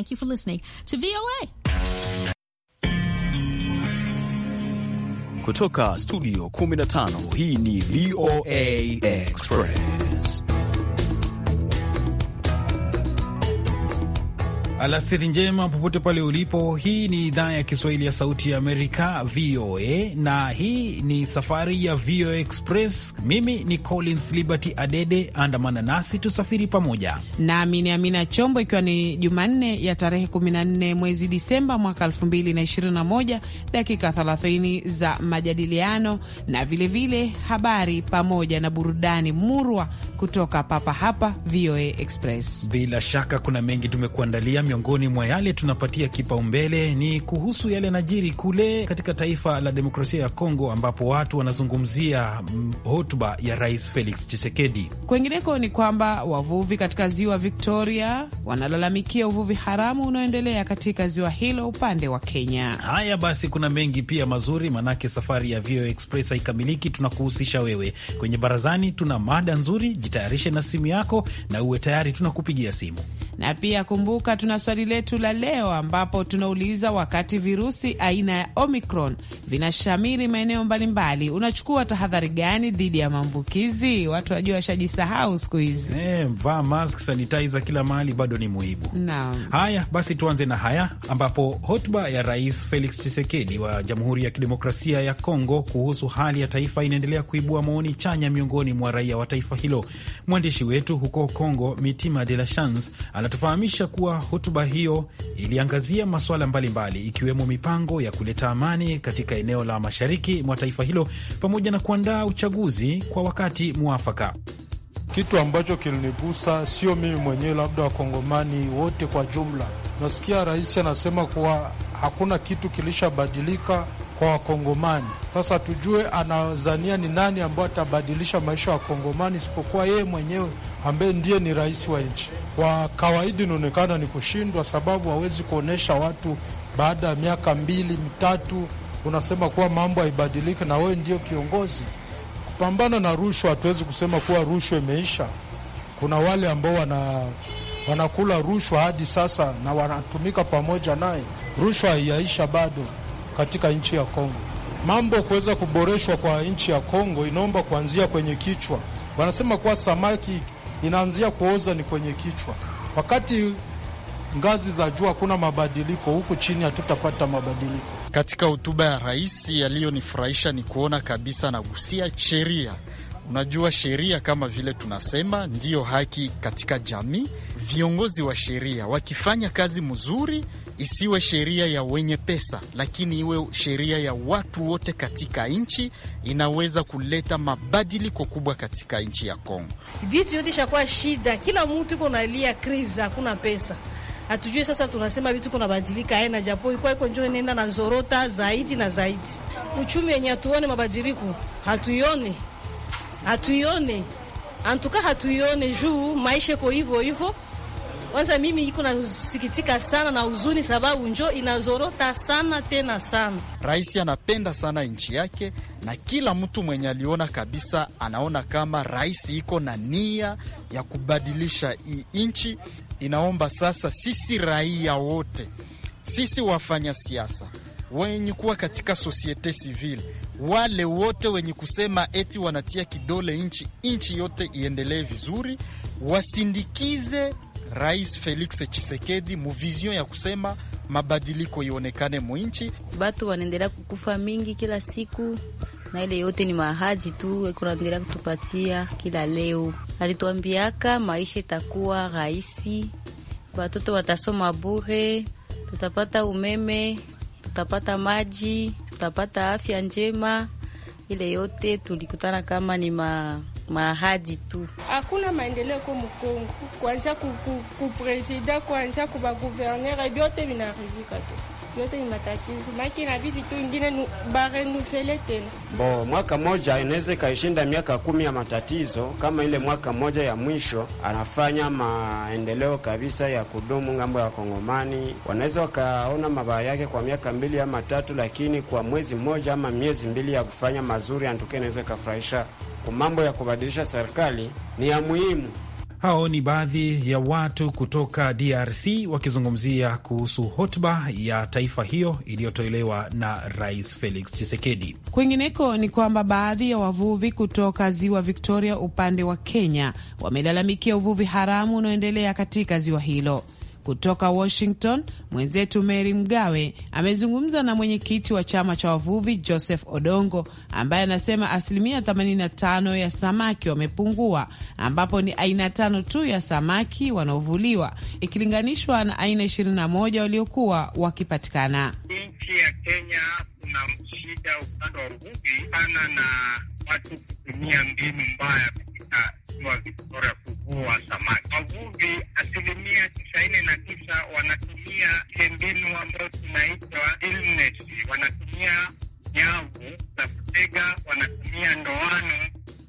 Thank you for listening to VOA. Kutoka studio 15 hii ni VOA Express. Alasiri njema popote pale ulipo. Hii ni idhaa ya Kiswahili ya Sauti ya Amerika, VOA, na hii ni safari ya VOA Express. Mimi ni Collins Liberty Adede, andamana nasi tusafiri pamoja, nami ni Amina Chombo, ikiwa ni Jumanne ya tarehe 14 mwezi Disemba mwaka 2021, dakika 30 za majadiliano na vilevile vile habari pamoja na burudani murwa kutoka papa hapa VOA Express. Bila shaka kuna mengi tumekuandalia miongoni mwa yale tunapatia kipaumbele ni kuhusu yale najiri kule katika taifa la demokrasia ya Kongo, ambapo watu wanazungumzia mm, hotuba ya Rais Felix Tshisekedi. Kwengineko ni kwamba wavuvi katika ziwa Victoria wanalalamikia uvuvi haramu unaoendelea katika ziwa hilo upande wa Kenya. Haya basi, kuna mengi pia mazuri, manake safari ya VOA Express haikamiliki. Tunakuhusisha wewe kwenye barazani, tuna mada nzuri. Jitayarishe na simu yako na uwe tayari, tunakupigia simu. Na pia kumbuka, tuna swali letu la leo ambapo tunauliza, wakati virusi aina ya Omicron vinashamiri maeneo mbalimbali, unachukua tahadhari gani dhidi ya maambukizi? Watu wajua washajisahau siku hizi. vaa mask, kila mahali bado ni muhibu. Haya basi, tuanze na haya ambapo hotuba ya Rais Felix Tshisekedi wa Jamhuri ya Kidemokrasia ya Kongo kuhusu hali ya taifa inaendelea kuibua maoni chanya miongoni mwa raia wa taifa hilo. Mwandishi wetu huko Kongo, Mitima de la Chance anatufahamisha kuwa hotuba hiyo iliangazia masuala mbalimbali ikiwemo mipango ya kuleta amani katika eneo la mashariki mwa taifa hilo pamoja na kuandaa uchaguzi kwa wakati mwafaka. Kitu ambacho kilinigusa sio mimi mwenyewe, labda wakongomani wote kwa jumla. Nasikia rais anasema kuwa hakuna kitu kilishabadilika kwa Wakongomani. Sasa tujue anazania ni nani ambayo atabadilisha maisha ya Wakongomani isipokuwa yeye mwenyewe ambaye ndiye ni rais wa nchi. Kwa kawaida inaonekana ni kushindwa, sababu hawezi kuonyesha watu baada ya miaka mbili mitatu unasema kuwa mambo haibadiliki na wewe ndiyo kiongozi. Kupambana na rushwa, hatuwezi kusema kuwa rushwa imeisha. Kuna wale ambao wana wanakula rushwa hadi sasa na wanatumika pamoja naye. Rushwa haiyaisha bado katika nchi ya Kongo. Mambo kuweza kuboreshwa kwa nchi ya Kongo inaomba kuanzia kwenye kichwa. Wanasema kuwa samaki inaanzia kuoza ni kwenye kichwa. Wakati ngazi za juu hakuna mabadiliko, huku chini hatutapata mabadiliko. Katika hotuba ya rais, yaliyonifurahisha ni kuona kabisa nagusia sheria. Unajua, sheria kama vile tunasema ndiyo haki katika jamii. Viongozi wa sheria wakifanya kazi mzuri isiwe sheria ya wenye pesa, lakini iwe sheria ya watu wote katika nchi. Inaweza kuleta mabadiliko kubwa katika nchi ya Kongo. Vitu yote ishakuwa shida, kila mtu iko nalia kriza, hakuna pesa Hatujui sasa, tunasema vitu kunabadilika badilika aina japo iko iko njo inaenda na zorota zaidi na zaidi. Uchumi wenye hatuone mabadiliko, hatuione, hatuione antuka, hatuione juu maisha iko hivyo hivyo. Kwanza mimi iko nasikitika sana na huzuni, sababu njo inazorota sana tena sana. Rais anapenda sana nchi yake, na kila mtu mwenye aliona kabisa anaona kama rais iko na nia ya kubadilisha hii nchi. Inaomba sasa sisi raia wote, sisi wafanya siasa wenye kuwa katika sosiete sivile, wale wote wenye kusema eti wanatia kidole nchi nchi yote iendelee vizuri, wasindikize Rais Felix chisekedi muvision ya kusema mabadiliko ionekane mwinchi. Batu wanaendelea kukufa mingi kila siku, na ile yote ni mahaji tu kunaendelea kutupatia kila leo. Alituambiaka maisha itakuwa rahisi, watoto watasoma bure, tutapata umeme, tutapata maji, tutapata afya njema. Ile yote tulikutana kama ni ma mahadi tu, hakuna maendeleo ko Mkongo, kuanzia kupresida, kuanzia kubaguvernere, vyote vinaharibika tu, yote ni matatizo maki na bizi tu ingine barenufele tena. Bo, mwaka moja inaweza ikaishinda miaka kumi ya matatizo. Kama ile mwaka moja ya mwisho anafanya maendeleo kabisa ya kudumu ngambo ya Kongomani, wanaweza wakaona mabaya yake kwa miaka mbili ama tatu, lakini kwa mwezi mmoja ama miezi mbili ya kufanya mazuri, antuke inaweza ikafurahisha kwa mambo ya kubadilisha serikali ni ya muhimu. Hao ni baadhi ya watu kutoka DRC wakizungumzia kuhusu hotuba ya taifa hiyo iliyotolewa na Rais Felix Tshisekedi. Kwingineko ni kwamba baadhi ya wavuvi kutoka ziwa Victoria upande wa Kenya wamelalamikia uvuvi haramu unaoendelea katika ziwa hilo. Kutoka Washington, mwenzetu Mary Mgawe amezungumza na mwenyekiti wa chama cha wavuvi Joseph Odongo, ambaye anasema asilimia 85 ya samaki wamepungua, ambapo ni aina tano tu ya samaki wanaovuliwa ikilinganishwa na aina 21 waliokuwa wakipatikana. Nchi ya Kenya kuna shida upande wa uvuvi sana na watu kutumia mbinu mbaya katika ziwa Victoria kuvua samaki. Wavuvi asilimia tisaini na tisa wanatumia ile mbinu ambayo tunaitwa wanatumia nyavu za kutega, wanatumia ndoano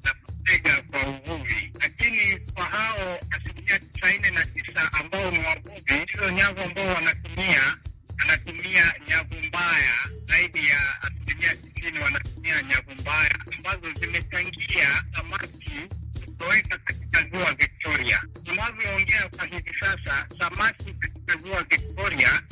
za kutega kwa uvuvi. Lakini kwa hao asilimia tisaini na tisa ambao ni wavuvi, hizo nyavu ambao wanatumia wanatumia nyavu mbaya zaidi ya asilimia tisini wanatumia nyavu mbaya ambazo zimechangia samaki kutoweka katika ziwa Victoria. Tunavyoongea kwa hivi sasa, samaki katika ziwa Victoria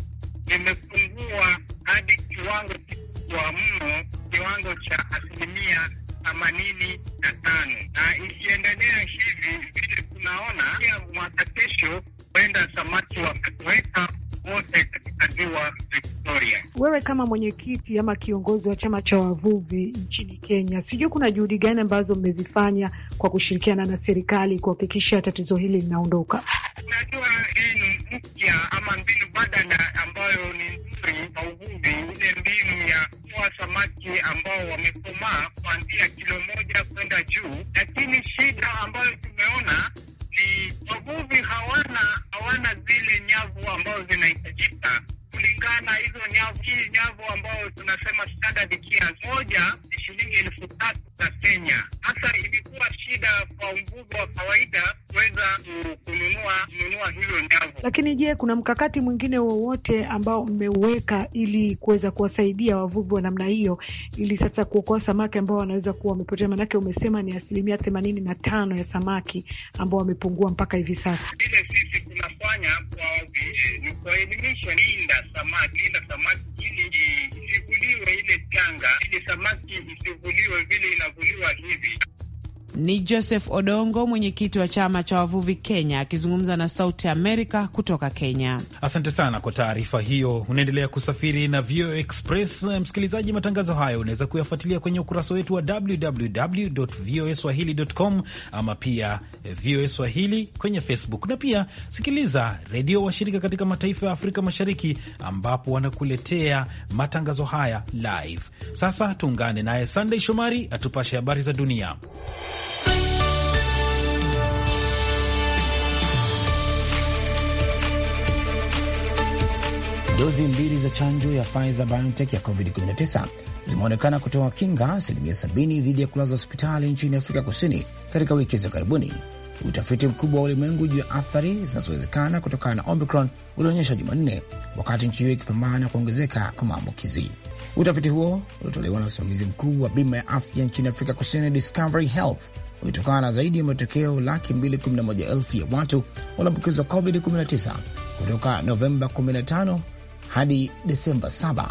limepungua hadi kiwango kikubwa mno, kiwango cha asilimia themanini na tano, na ikiendelea hivi vile tunaona pia mwaka kesho huenda samaki wakatoweka wote katika ziwa Victoria. Wewe kama mwenyekiti ama kiongozi wa chama cha wavuvi nchini Kenya, sijui kuna juhudi gani ambazo mmezifanya kwa kushirikiana na serikali kuhakikisha tatizo hili linaondoka? Unajua, hii ni mpya ama mbinu badala ambayo ni nzuri kwa uvuvi, ile mbinu ya kuwa samaki ambao wamekomaa kuanzia kilo moja kwenda juu, lakini shida ambayo tumeona ni wavuvi hawana hawana zile nyavu ambazo zinahitajika kulingana hizo nyavu nyavu ambayo tunasema standard kia moja ni shilingi elfu tatu za Kenya. Hasa ilikuwa shida kwa mvuvi wa kawaida kuweza kununua kununua hizo nyavu. Lakini je, kuna mkakati mwingine wowote ambao mmeuweka ili kuweza kuwasaidia wavuvi wa namna hiyo ili sasa kuokoa samaki ambao wanaweza kuwa wamepotea? Maanake umesema ni asilimia themanini na tano ya samaki ambao wamepungua mpaka hivi sasa. Vile sisi tunafanya kwa eh, ni kuwaelimisha, linda samaki, ila samaki ili isivuliwe ile tanga, ili samaki isivuliwe vile inavuliwa hivi. Ni Joseph Odongo, mwenyekiti wa chama cha wavuvi Kenya, akizungumza na Sauti Amerika kutoka Kenya. Asante sana kwa taarifa hiyo. Unaendelea kusafiri na VOA Express. Msikilizaji, matangazo hayo unaweza kuyafuatilia kwenye ukurasa wetu wa www voa swahili.com, ama pia VOA Swahili kwenye Facebook, na pia sikiliza redio washirika katika mataifa ya Afrika Mashariki, ambapo wanakuletea matangazo haya live. Sasa tuungane naye Sandey Shomari atupashe habari za dunia. Dozi mbili za chanjo ya Pfizer BioNTech ya COVID-19 zimeonekana kutoa kinga asilimia 7b0 dhidi ya kulazwa hospitali nchini Afrika Kusini katika wiki za karibuni. Utafiti mkubwa wa ulimwengu juu ya athari zinazowezekana kutokana na Omicron ulionyesha Jumanne, wakati nchi hiyo ikipambana na kuongezeka kwa maambukizi. Utafiti huo uliotolewa na usimamizi mkuu wa bima ya afya nchini Afrika Kusini, Discovery Health, ulitokana na zaidi ya matokeo laki 211 elfu ya watu walioambukizwa COVID-19 kutoka Novemba 15 hadi Desemba 7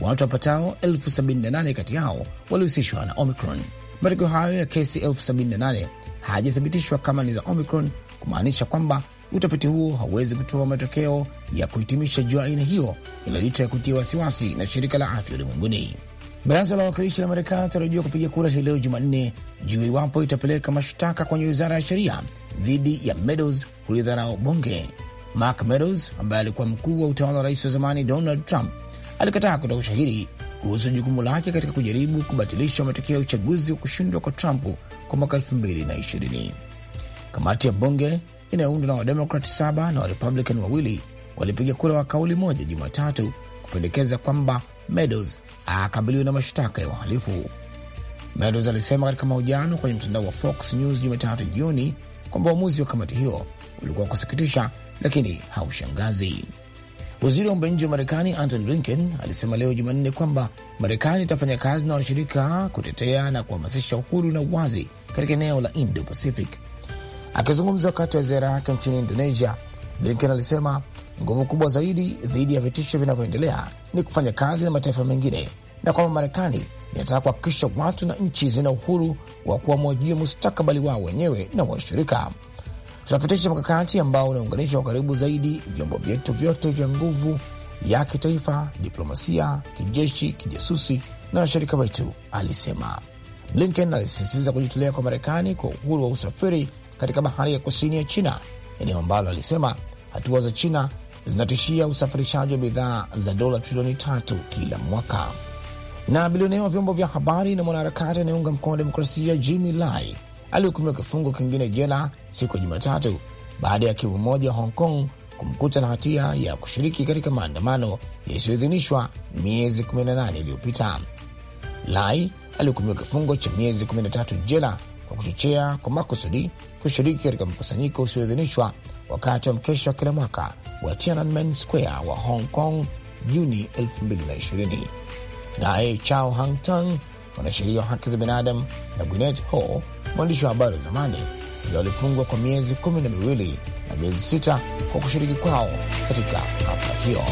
watu wapatao elfu 78 kati yao walihusishwa na Omicron. Matokeo hayo ya kesi elfu 78 hayajathibitishwa kama ni za Omicron, kumaanisha kwamba utafiti huo hauwezi kutoa matokeo ya kuhitimisha juu ya aina hiyo inayoitwa ya kutia wasiwasi na shirika la afya ulimwenguni. Baraza la wawakilishi la Marekani tarajiwa kupiga kura hii leo Jumanne juu iwapo itapeleka mashtaka kwenye wizara ya sheria dhidi ya Meadows kulidharau bunge Mark Meadows ambaye alikuwa mkuu wa utawala wa rais wa zamani Donald Trump alikataa kutoa ushahidi kuhusu jukumu lake katika kujaribu kubatilisha matokeo ya uchaguzi wa kushindwa kwa Trump kwa mwaka 2020. Kamati ya bunge inayoundwa na Wademokrat saba na Warepublican wawili walipiga kura wa kauli moja Jumatatu kupendekeza kwamba Meadows akabiliwe na mashtaka ya uhalifu. Meadows alisema katika mahojiano kwenye mtandao wa Fox News Jumatatu jioni kwamba uamuzi wa kamati hiyo ulikuwa kusikitisha lakini haushangazi. Waziri wa mambo ya nje wa Marekani Antony Blinken alisema leo Jumanne kwamba Marekani itafanya kazi na washirika kutetea na kuhamasisha uhuru na uwazi katika eneo la Indo Pacific. Akizungumza wakati wa ziara yake nchini Indonesia, Blinken alisema nguvu kubwa zaidi dhidi ya vitisho vinavyoendelea ni kufanya kazi na mataifa mengine na kwamba Marekani inataka kuhakikisha watu na nchi zina uhuru wa kuamua juu ya mustakabali wao wenyewe na washirika tunapitisha mkakati ambao unaunganisha kwa karibu zaidi vyombo vyetu vyote vya nguvu ya kitaifa, diplomasia, kijeshi, kijasusi na washirika wetu, alisema. Blinken alisisitiza kujitolea kwa Marekani kwa uhuru wa usafiri katika bahari ya kusini ya China, eneo ambalo alisema hatua za China zinatishia usafirishaji wa bidhaa za dola trilioni tatu kila mwaka. Na bilionea wa vyombo vya habari na mwanaharakati anayeunga mkono wa demokrasia Jimmy Lai alihukumiwa kifungo kingine jela siku ya Jumatatu baada ya kibu mmoja Hong Kong kumkuta na hatia ya kushiriki katika maandamano yasiyoidhinishwa miezi 18 iliyopita. Lai alihukumiwa kifungo cha miezi 13 jela kwa kuchochea kwa makusudi kushiriki katika mkusanyiko usioidhinishwa wakati wa mkesha wa kila mwaka wa Tiananmen Square wa Hong Kong Juni 2020. Naye Chao Hang Tang, mwanasheria wa haki za binadamu na Gwinnett Hall mwandishi wa habari wa zamani ndio walifungwa kwa miezi kumi na miwili na miezi sita kwa kushiriki kwao katika hafla hiyo.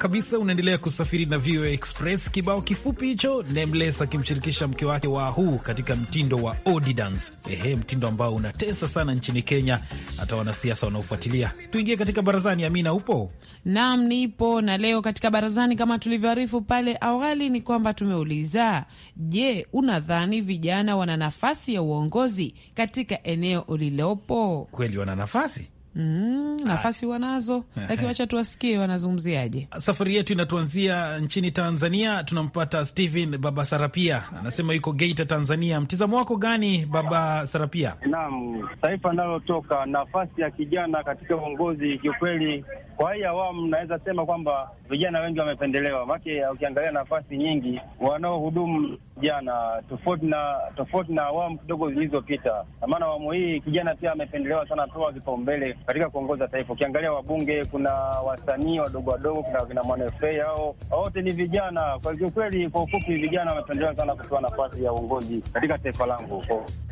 kabisa, unaendelea kusafiri na VOA Express. Kibao kifupi hicho Nameless akimshirikisha mke wake wa huu katika mtindo wa odi dance. Ehe, mtindo ambao unatesa sana nchini Kenya, hata wanasiasa wanaofuatilia. Tuingie katika barazani. Amina, upo? Naam, nipo. Na leo katika barazani, kama tulivyoarifu pale awali, ni kwamba tumeuliza, je, unadhani vijana wana nafasi ya uongozi katika eneo ulilopo? Kweli wana nafasi? Mm, nafasi wanazo lakini wacha tuwasikie wanazungumziaje. Safari yetu inatuanzia nchini Tanzania, tunampata stehen Baba Sarapia, anasema yuko Geita, Tanzania. Mtizamo wako gani Baba Sarapia? Naam, taifa linalotoka nafasi ya kijana katika uongozi, kiukweli, kwa hii awamu naweza sema kwamba vijana wengi wamependelewa, make ukiangalia nafasi nyingi wanaohudumu vijana, tofauti na tofauti na awamu kidogo zilizopita. Maana awamu hii kijana pia amependelewa sana, toa vipaumbele katika kuongoza taifa. Ukiangalia wabunge, kuna wasanii wadogo wadogo, kuna wakina mwanafei hao wote ni vijana. Kwa kiukweli, kwa ufupi, vijana wamependelewa sana kutoa nafasi ya uongozi katika taifa langu,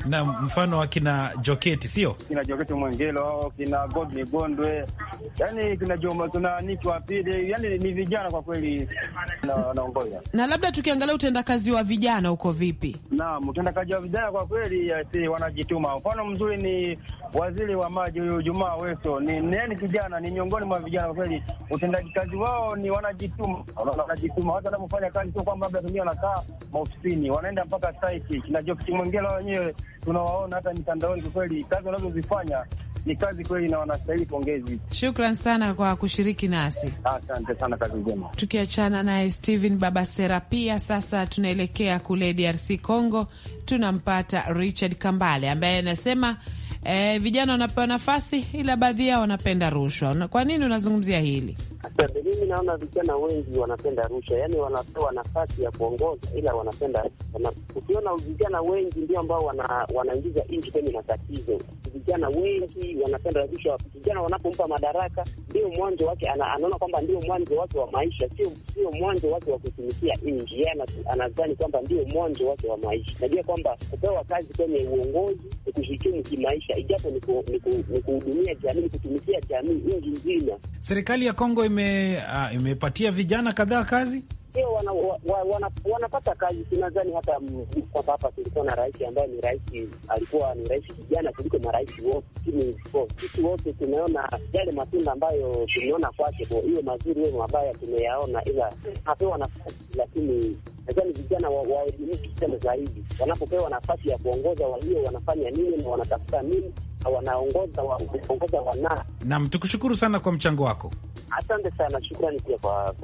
na mfano wakina Joketi, sio kina Joketi Mwengelo, hao kina God Migondwe, yani kina Joma, kuna Niki wa Pili, yani ni vijana kwa kweli wanaongoza na, na labda tukiangalia utendakazi wa vijana uko vipi? Naam, utendakazi wa vijana kwa kweli si wanajituma. Mfano mzuri ni waziri wa maji huyu Jumaa Weso, ni nani kijana, ni miongoni mwa vijana kwa kweli, utendakazi wao ni wanajituma, wanajituma hata wanapofanya kazi, sio kwamba labda tumia nakaa maofisini, wanaenda mpaka site. Kinachokimwengela wenyewe tunawaona hata mitandaoni, kwa kweli kazi wanazozifanya ni kazi kweli na wanastahili pongezi. Shukran sana kwa kushiriki nasi, asante sana, kazi njema. Tukiachana naye Steven Babasera pia sasa tunaelekea kule DRC Congo, tunampata Richard Kambale ambaye anasema e, vijana wanapewa nafasi, ila baadhi yao wanapenda rushwa. Kwa nini unazungumzia hili? Asante. Mimi naona vijana wengi wanapenda rushwa, yaani wanapewa nafasi ya kuongoza, ila wanapenda wana, ukiona vijana wengi ndio ambao wana, wanaingiza nchi kwenye matatizo. Vijana wengi wanapenda rushwa. Vijana wanapompa madaraka, ndio mwanzo wake, anaona kwamba ndio mwanzo wake wa maisha, sio sio mwanzo wake wa kutumikia nchi. Yeye anadhani kwamba ndio mwanzo wake wa maisha. Najua kwamba kupewa kazi kwenye uongozi kuhitimu kimaisha maisha, ijapo ni kuhudumia jamii, ni kutumikia jamii nchi nzima. Serikali ya Kongo ime, uh, imepatia vijana kadhaa kazi ndio wanapata kazi. Sinadhani hata kwamba hapa tulikuwa na rais ambaye ni rais, alikuwa ni rais kijana kuliko marais wote, lakini sisi wote tumeona yale matunda ambayo tumeona kwake, hiyo mazuri hiyo mabaya tumeyaona, ila hapewa nafasi, lakini nadhani vijana waelimike tena zaidi, wanapopewa nafasi ya kuongoza walio wanafanya nini na wanatafuta nini na wanaongoza wanaongoza wana. Naam, tukushukuru sana kwa mchango wako, asante sana, shukrani pia kwa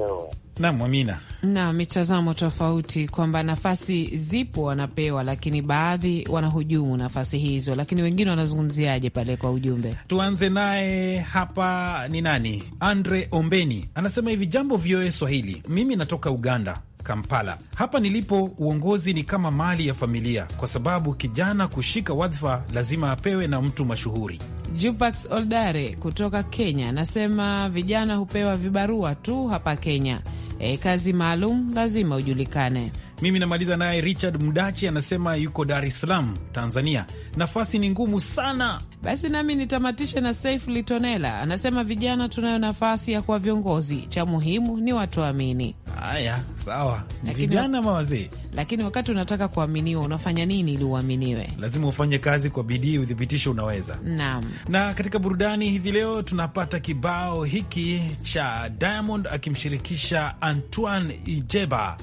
Naam, Amina. Na mitazamo tofauti kwamba nafasi zipo wanapewa, lakini baadhi wanahujumu nafasi hizo, lakini wengine wanazungumziaje pale kwa ujumbe? Tuanze naye hapa, ni nani? Andre Ombeni anasema hivi, jambo VOA Swahili, mimi natoka Uganda Kampala. Hapa nilipo uongozi ni kama mali ya familia, kwa sababu kijana kushika wadhifa lazima apewe na mtu mashuhuri. Jupax Oldare kutoka Kenya anasema vijana hupewa vibarua tu hapa Kenya e, kazi maalum lazima ujulikane. Mimi namaliza naye Richard Mdachi anasema yuko Dar es Salaam, Tanzania, nafasi ni ngumu sana. Basi nami nitamatishe na Saif Litonela anasema vijana tunayo nafasi ya kuwa viongozi, cha muhimu ni watuamini. Haya, sawa, vijana wazee, Lakini wakati unataka kuaminiwa unafanya nini ili uaminiwe? Lazima ufanye kazi kwa bidii, uthibitishe unaweza. Naam. Na katika burudani hivi leo tunapata kibao hiki cha Diamond akimshirikisha Antoine Ijeba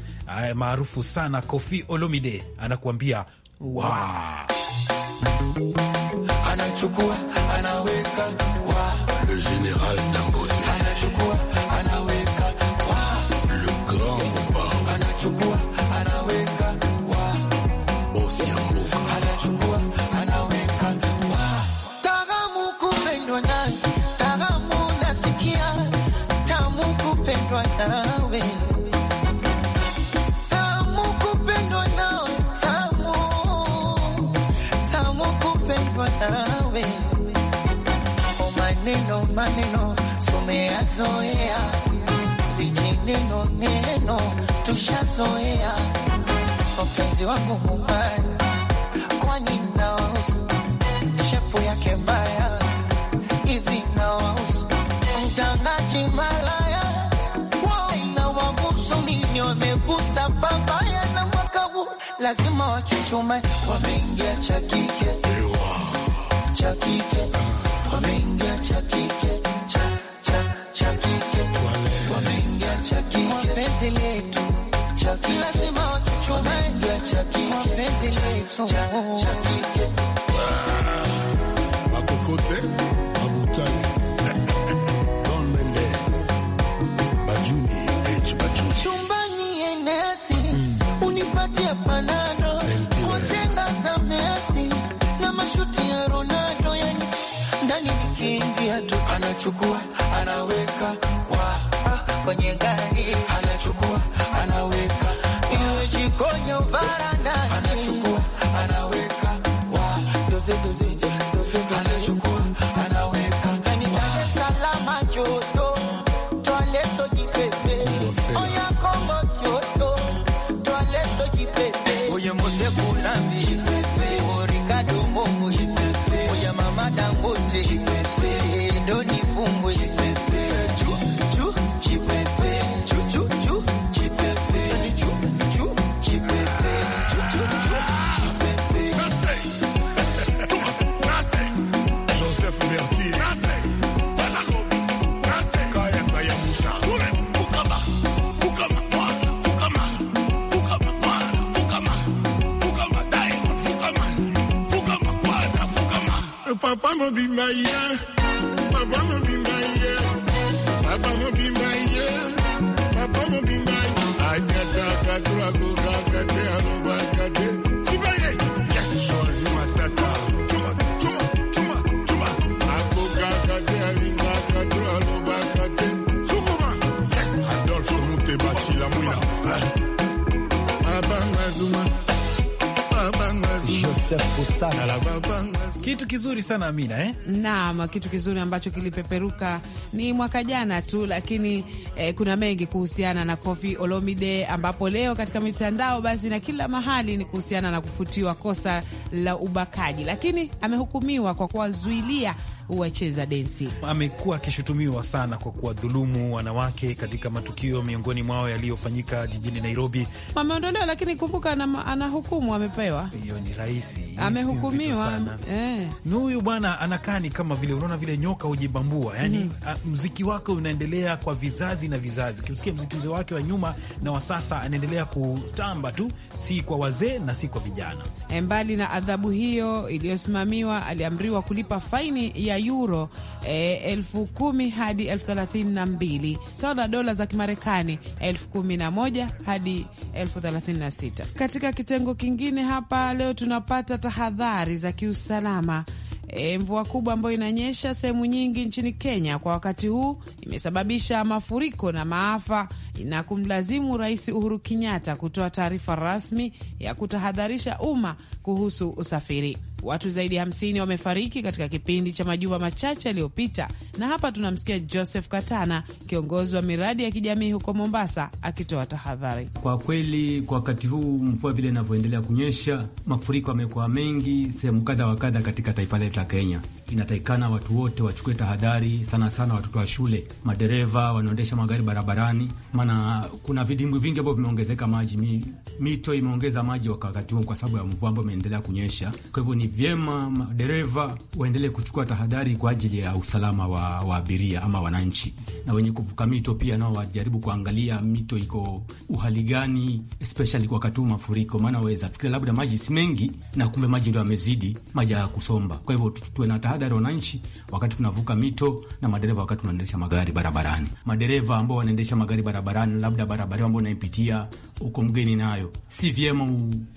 maarufu sana, Kofi Olomide anakuambia wow. Anachukua anaweka wa le general nimezoea wapenzi wangu mubaya, kwani nawausu shepu yake mbaya hivi, nawausu mtangaji malaya wao, nawagusu ninyi wamegusa babaya, na mwaka huu lazima wachuchume, wameingia cha kike wameingia cha kike hicho makokote mabutani chumbani enesi za Messi na mashuti ya Ronaldo, ndani nikiingia anachukua anaweka wa ah, kwenye gari anachukua así. No sé Obama be my yeah. Obama be my yeah. Obama be my yeah. Obama be my. I got that. Kitu kizuri sana Amina, eh? Naam, kitu kizuri ambacho kilipeperuka ni mwaka jana tu, lakini eh, kuna mengi kuhusiana na Kofi Olomide, ambapo leo katika mitandao basi na kila mahali ni kuhusiana na kufutiwa kosa la ubakaji, lakini amehukumiwa kwa kuwazuilia wacheza densi. Amekuwa akishutumiwa sana kwa kuwadhulumu wanawake katika matukio miongoni mwao yaliyofanyika jijini Nairobi. Ameondolewa, lakini kumbuka, ana hukumu amepewa. Hiyo ni rahisi, amehukumiwa. Ni eh. huyu bwana anakaa ni kama vile unaona vile nyoka hujibambua, yani mm -hmm. Ah, mziki wake unaendelea kwa vizazi na vizazi. Ukimsikia mziki wake wa nyuma na wa sasa, anaendelea kutamba tu, si kwa wazee na si kwa vijana. Eh, mbali na adhabu hiyo iliyosimamiwa, aliamriwa kulipa faini ya yuro eh, elfu kumi hadi elfu thelathini na mbili sawa na dola za Kimarekani elfu kumi na moja hadi elfu thelathini na sita Katika kitengo kingine hapa leo tunapata tahadhari za kiusalama. E, mvua kubwa ambayo inanyesha sehemu nyingi nchini Kenya kwa wakati huu imesababisha mafuriko na maafa na kumlazimu Rais Uhuru Kenyatta kutoa taarifa rasmi ya kutahadharisha umma kuhusu usafiri. Watu zaidi ya 50 wamefariki katika kipindi cha majuma machache yaliyopita, na hapa tunamsikia Joseph Katana, kiongozi wa miradi ya kijamii huko Mombasa, akitoa tahadhari. Kwa kweli, kwa wakati huu mvua vile inavyoendelea kunyesha, mafuriko yamekuwa mengi sehemu kadha wa kadha katika taifa letu la Kenya. Inatakikana watu wote wachukue tahadhari, sana sana watoto wa shule, madereva wanaoendesha magari barabarani, maana kuna vidimbwi vingi ambavyo vimeongezeka maji. Mito imeongeza maji wakati huu kwa sababu ya mvua ambayo imeendelea kunyesha, kwa hivyo ni vyema madereva waendelee kuchukua tahadhari kwa ajili ya usalama wa, wa abiria ama wananchi, na wenye kuvuka mito pia nao wajaribu kuangalia mito iko uhali gani, especially kwa wakati huu mafuriko. Maana waweza fikiria labda maji si mengi, na kumbe maji ndio yamezidi, maji ya kusomba. Kwa hivyo tuwe na tahadhari wananchi, wakati tunavuka mito, na madereva wakati tunaendesha magari barabarani. Madereva ambao wanaendesha magari barabarani, labda barabara ambao unaipitia uko mgeni nayo, si vyema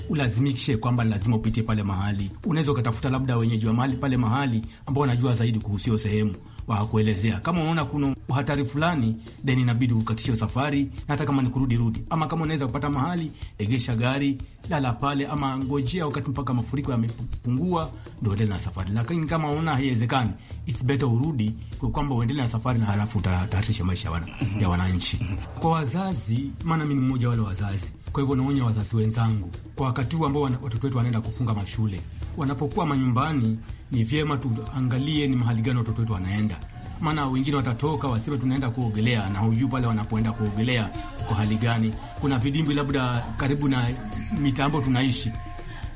ulazimishe kwamba lazima upitie pale mahali Una unaweza ukatafuta labda wenyeji wa mali pale mahali ambao wanajua zaidi kuhusu hiyo sehemu wakuelezea. Kama unaona kuna uhatari fulani, then inabidi ukatishe safari, na hata kama ni kurudi rudi, ama kama unaweza kupata mahali, egesha gari, lala pale, ama ngojea wakati mpaka mafuriko yamepungua, ndo uendelee na safari. Lakini kama unaona haiwezekani, it's better urudi, kwa kwamba uendele na safari na halafu utahatarisha maisha wana, ya wananchi. Kwa wazazi, maana mimi ni mmoja wale wazazi, kwa hivyo naonya wazazi wenzangu kwa wakati huu ambao watoto wetu wanaenda kufunga mashule wanapokuwa manyumbani, ni vyema tuangalie ni mahali gani watoto wetu wanaenda, maana wengine watatoka waseme tunaenda kuogelea, na hujui pale wanapoenda kuogelea kwa hali gani. Kuna vidimbwi labda karibu na mitambo tunaishi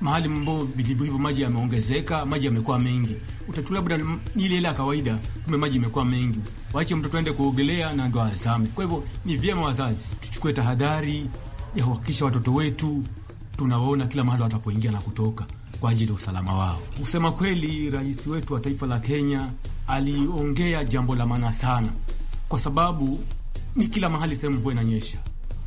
mahali mbo vidimbwi hivyo maji yameongezeka, maji yamekuwa mengi. utatu labda ile ile ya kawaida, kumbe maji imekuwa mengi, waache mtoto aende kuogelea na ndo azame. Kwa hivyo ni vyema wazazi tuchukue tahadhari ya kuhakikisha watoto wetu tunawaona kila mahali watapoingia na kutoka, kwa ajili ya usalama wao. Kusema kweli, rais wetu wa taifa la Kenya aliongea jambo la maana sana, kwa sababu ni kila mahali sehemu mvua inanyesha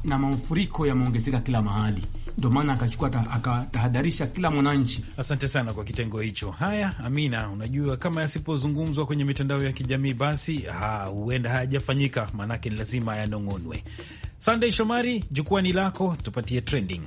na mafuriko yameongezeka kila mahali ndo maana akachukua akatahadharisha kila mwananchi. Asante sana kwa kitengo hicho. Haya, Amina, unajua kama yasipozungumzwa kwenye mitandao ya kijamii basi huenda ha, hayajafanyika, maanake ni lazima yanong'onwe. Sandey Shomari, jukwani lako, tupatie trending.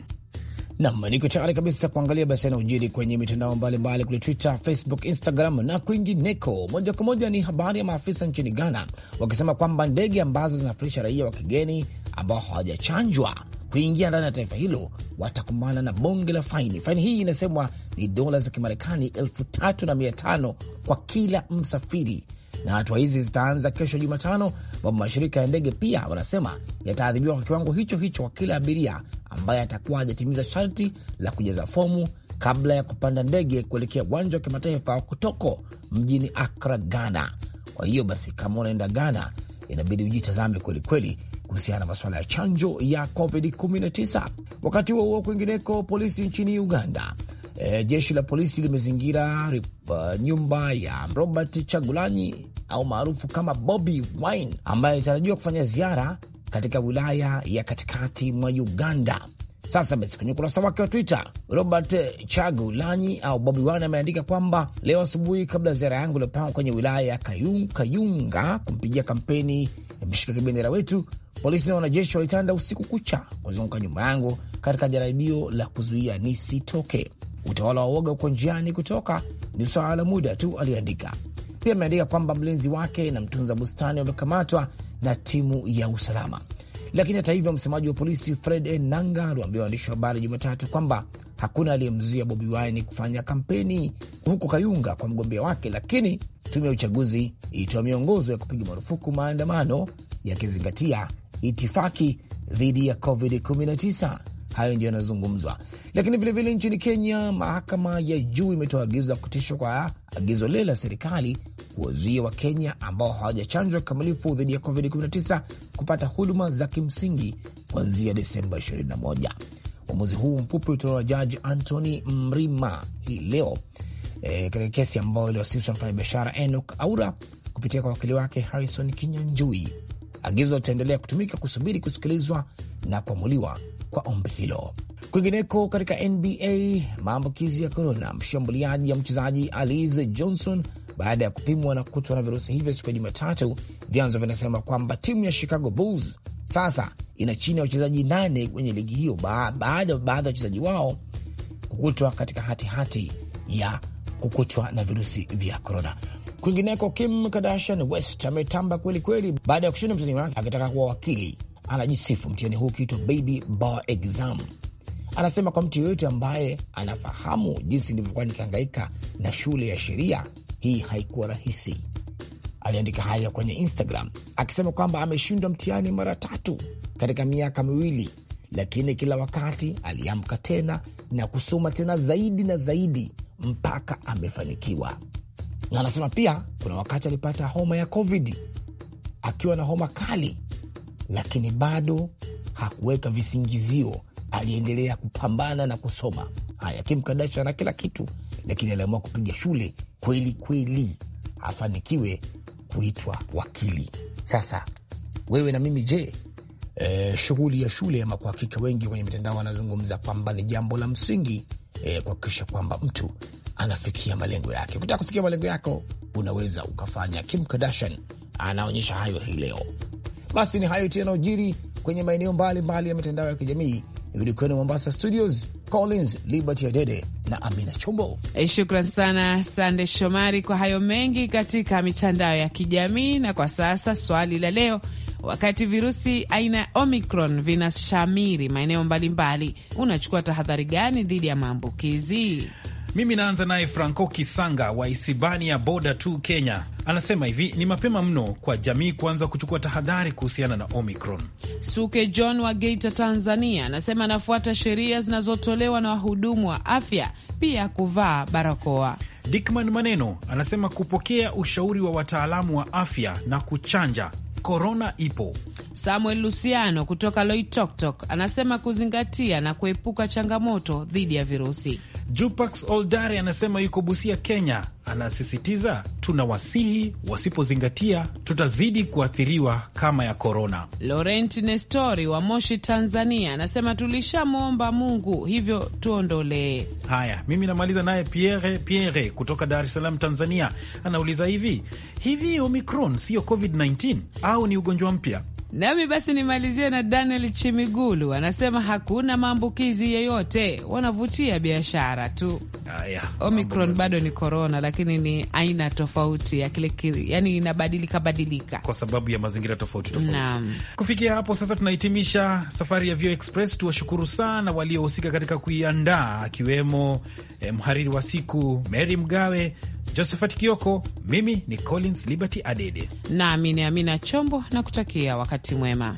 Nam, niko tayari kabisa kuangalia basi ujiri kwenye mitandao mbalimbali kule Twitter, Facebook, Instagram na kwingineko. Moja kwa moja ni habari ya maafisa nchini Ghana wakisema kwamba ndege ambazo zinasafirisha raia wa kigeni ambao hawajachanjwa kuingia ndani ya taifa hilo watakumbana na bonge la faini. Faini hii inasemwa ni dola za Kimarekani elfu tatu na mia tano kwa kila msafiri, na hatua hizi zitaanza kesho Jumatano ambapo mashirika ya ndege pia wanasema yataadhibiwa kwa kiwango hicho hicho kwa kila abiria ambaye atakuwa hajatimiza sharti la kujaza fomu kabla ya kupanda ndege kuelekea uwanja wa kimataifa wa Kotoko mjini Akra, Ghana. Kwa hiyo basi, kama unaenda Ghana inabidi ujitazame kwelikweli kuhusiana na masuala ya chanjo ya COVID-19. Wakati huo huo, kwingineko, polisi nchini Uganda E, jeshi la polisi limezingira uh, nyumba ya Robert Chagulanyi au maarufu kama Bobi Wine ambaye alitarajiwa kufanya ziara katika wilaya ya katikati mwa Uganda. Sasa basi, kwenye ukurasa wake wa Twitter Robert Chagulanyi au Bobi Wine ameandika kwamba leo asubuhi, kabla ya ziara yangu iliyopangwa kwenye wilaya ya Kayunga kumpigia kampeni mshika kibendera wetu. Polisi na wanajeshi walitanda usiku kucha kuzunguka nyumba yangu katika jaribio la kuzuia nisitoke. Utawala wa woga uko njiani kutoka, ni swala la muda tu, aliandika. Pia ameandika kwamba mlinzi wake na mtunza bustani wamekamatwa na timu ya usalama. Lakini hata hivyo, msemaji wa polisi Fred Nanga aliwaambia waandishi wa habari Jumatatu kwamba hakuna aliyemzuia Bobi Wine kufanya kampeni huko Kayunga kwa mgombea wake, lakini tume ya uchaguzi ilitoa miongozo ya kupiga marufuku maandamano yakizingatia itifaki dhidi ya COVID-19. Hayo ndio yanazungumzwa, lakini vilevile nchini Kenya, mahakama ya juu imetoa agizo la kutishwa kwa agizo lile la serikali kuwazuia wakenya ambao hawajachanjwa kikamilifu dhidi ya COVID-19 kupata huduma za kimsingi kuanzia Desemba 21. Uamuzi huu mfupi utolewa Jaji antony Mrima hii leo e, katika kesi ambayo iliwasilishwa mfanyabiashara Enok Aura kupitia kwa wakili wake Harrison Kinyanjui Agizo litaendelea kutumika kusubiri kusikilizwa na kuamuliwa kwa ombi hilo. Kwingineko, katika NBA, maambukizi ya korona, mshambuliaji ya mchezaji Alize Johnson baada ya kupimwa na kukutwa na virusi hivyo siku ya Jumatatu, vyanzo vinasema kwamba timu ya Chicago Bulls sasa ina chini ya wachezaji nane kwenye ligi hiyo baada ya baadhi ya wachezaji wao kukutwa katika hatihati hati ya kukutwa na virusi vya korona. Kwingineko, Kim Kardashian West ametamba kwelikweli baada ya kushinda mtihani wake akitaka kuwa wakili. Anajisifu mtihani huu kiitwa Baby Bar Exam. Anasema kwa mtu yeyote ambaye anafahamu jinsi nilivyokuwa nikihangaika na shule ya sheria, hii haikuwa rahisi. Aliandika haya kwenye Instagram akisema kwamba ameshindwa mtihani mara tatu katika miaka miwili, lakini kila wakati aliamka tena na kusoma tena zaidi na zaidi mpaka amefanikiwa na anasema pia kuna wakati alipata homa ya COVID akiwa na homa kali, lakini bado hakuweka visingizio, aliendelea kupambana na kusoma. Haya, Kim Kardashian na kila kitu, lakini aliamua kupiga shule kweli kweli afanikiwe kuitwa wakili. Sasa wewe na mimi je, e, shughuli ya shule ama, kwa hakika wengi kwenye mitandao wanazungumza kwamba ni jambo la msingi e, kuhakikisha kwamba mtu anafikia malengo yake. Ukitaka kufikia malengo yako unaweza ukafanya. Kim Kardashian anaonyesha hayo hii leo. Basi ni hayo tu yanayojiri kwenye maeneo mbalimbali ya mitandao ya kijamii. Ilikuwena Mombasa Studios, Collins Liberty Adede na Amina Chombo. Eh, shukran sana Sande Shomari kwa hayo mengi katika mitandao ya kijamii. Na kwa sasa swali la leo, wakati virusi aina ya Omicron vinashamiri maeneo mbalimbali, unachukua tahadhari gani dhidi ya maambukizi? Mimi naanza naye Franco Kisanga wa Isibania boda tu Kenya, anasema hivi: ni mapema mno kwa jamii kuanza kuchukua tahadhari kuhusiana na Omicron. Suke John wa Geita, Tanzania, anasema anafuata sheria zinazotolewa na wahudumu wa afya, pia kuvaa barakoa. Dickman Maneno anasema kupokea ushauri wa wataalamu wa afya na kuchanja korona ipo. Samuel Luciano kutoka Loitoktok anasema kuzingatia na kuepuka changamoto dhidi ya virusi. Jupax Oldari anasema yuko Busia, Kenya anasisitiza tunawasihi, wasipozingatia tutazidi kuathiriwa kama ya korona. Laurent Nestori wa Moshi, Tanzania, anasema tulishamwomba Mungu, hivyo tuondolee haya. Mimi namaliza naye Pierre Pierre kutoka Dar es Salaam, Tanzania, anauliza hivi hivi, Omicron siyo COVID-19 au ni ugonjwa mpya? Nami basi nimalizie na Daniel Chimigulu anasema hakuna maambukizi yeyote, wanavutia biashara tu. Ah, yeah. Omicron bado ni korona, lakini ni aina tofauti ya kile kile, yani inabadilika badilika kwa sababu ya mazingira tofauti tofauti. Kufikia hapo sasa tunahitimisha safari ya Vio Express. Tuwashukuru sana waliohusika katika kuiandaa, akiwemo eh, mhariri wa siku Mary Mgawe Josephat Kioko, mimi ni Collins Liberty Adede nami ni Amina Chombo na kutakia wakati mwema.